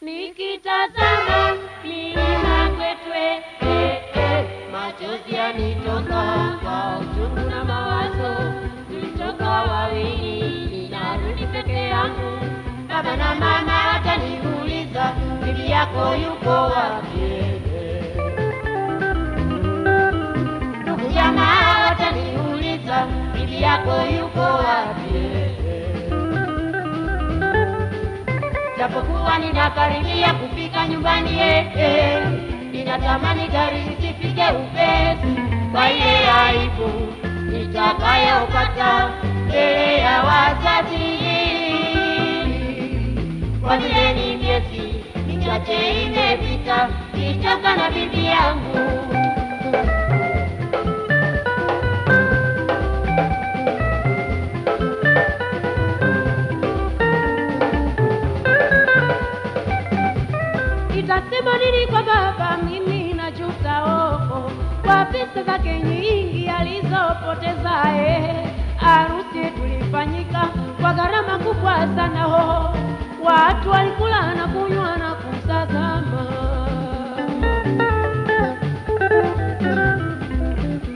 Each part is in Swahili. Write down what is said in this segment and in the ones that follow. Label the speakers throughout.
Speaker 1: Nikitazama milima Kwetwe, eh, eh, eh, machozi yanitoka kwa uchungu na mawazo. Tulitoka wawili, ninarudi peke yangu. Baba na mama bibi yako yuko wapi? Ndugu jamaa bibi yako yuko wapi? japokuwa ninakaribia kufika nyumbani eh, eh. Ninatamani gari isifike upesi kwa ile aibu nitakayopata mbele ya wazazi, kwa vile ni miezi michache imepita nitoka na bibi yangu
Speaker 2: zake nyingi alizopoteza eh. Harusi tulifanyika kwa gharama kubwa sana ho, watu walikula na kunywa na kutazama.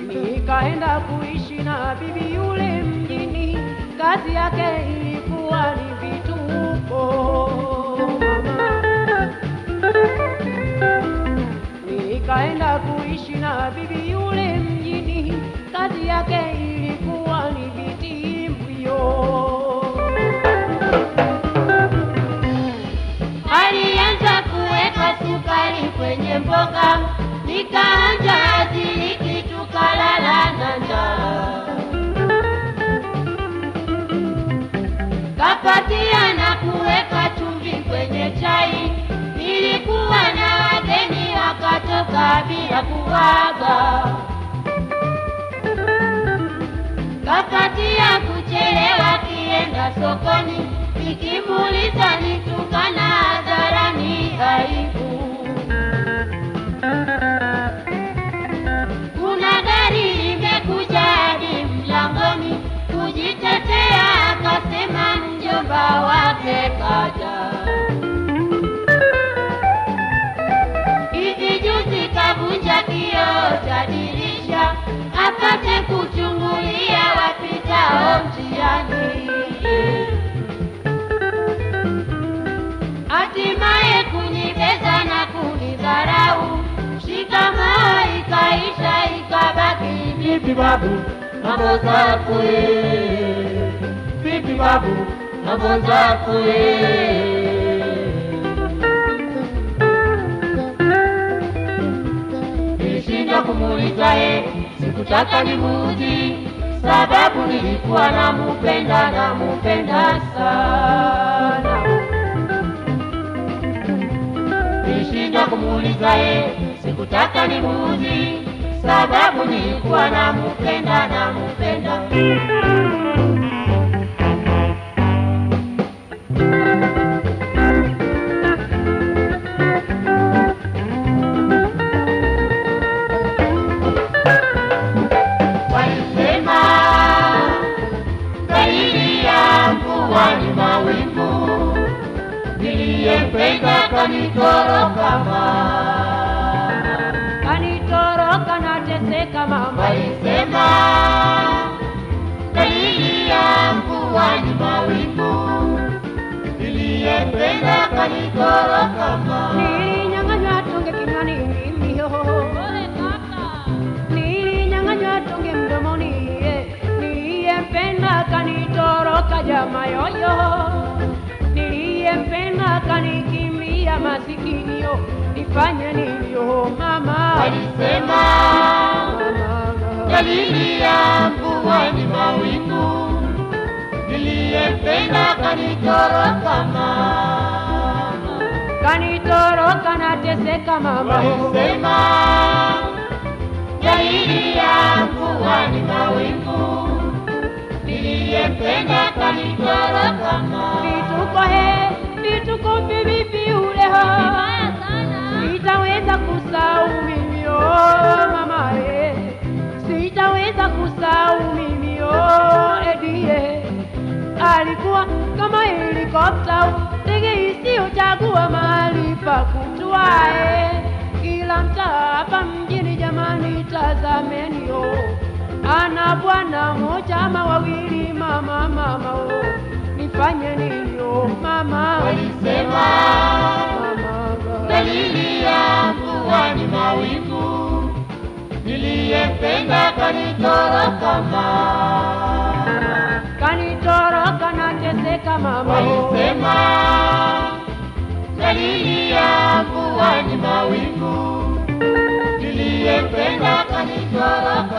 Speaker 2: Nikaenda kuishi na bibi yule mjini, kazi yake ilikuwa ni vituko Nikaenda kuishi na bibi yule kazi yake ilikuwa ni vitimbio.
Speaker 3: Alianza kuweka sukari kwenye mboga, nikaanja aziliki, tukalala na njaa. Kapatia na kuweka chumvi kwenye chai, nilikuwa na wageni wakatoka bila kuaga. nikaenda sokoni, nikimuuliza nitukana hadharani, aibu. Kuna gari imekuja hadi mlangoni, kujitetea akasema mjomba wake kaja. Hivi juzi kavunja kioo cha dirisha apate kuchungulia wapitao njiani.
Speaker 4: Bibi babu, naboza kwe Bibi babu, naboza kwe Nishinda Nilishinda e yeye, sikutaka nimuuzi, sababu nilikuwa namupenda, namupenda sana. Nishinda kumuuliza e sikutaka nimuuzi, sababu nilikuwa namupenda namupenda walisema zaidi yangu kanitorokama
Speaker 2: kanitoroka nateseka mama nilinyang'anywa tunge kinywani mimi nilinyang'anywa tunge mdomoni niliyempenda kanitoroka jamaa yoyo niliyempenda kanikimbia masikinio nifanye nilio mama
Speaker 4: alisema dalili ni mawingu niliyempenda kanitoroka mama
Speaker 2: Choka na mama,
Speaker 4: walisema jaili ya mvua ni mawingu, niliyempenda kanitoroka
Speaker 2: Vituko he vituko vivi uleho sitaweza kusau mimi mama he, sitaweza kusau mimi Edie, alikuwa kama helikopta mimi huchagua mahali pa kutwae, kila mtaa hapa mjini. Jamani tazameni, yo ana bwana mmoja ama wawili, mama mama, o nifanye nini? Yo mama,
Speaker 4: walisema dalili ya mvua ni mawingu, niliyependa kanitoroka,
Speaker 2: kanitoroka nateseka mama,
Speaker 4: walisema nililia mvua ni mawingu niliyependa kanichora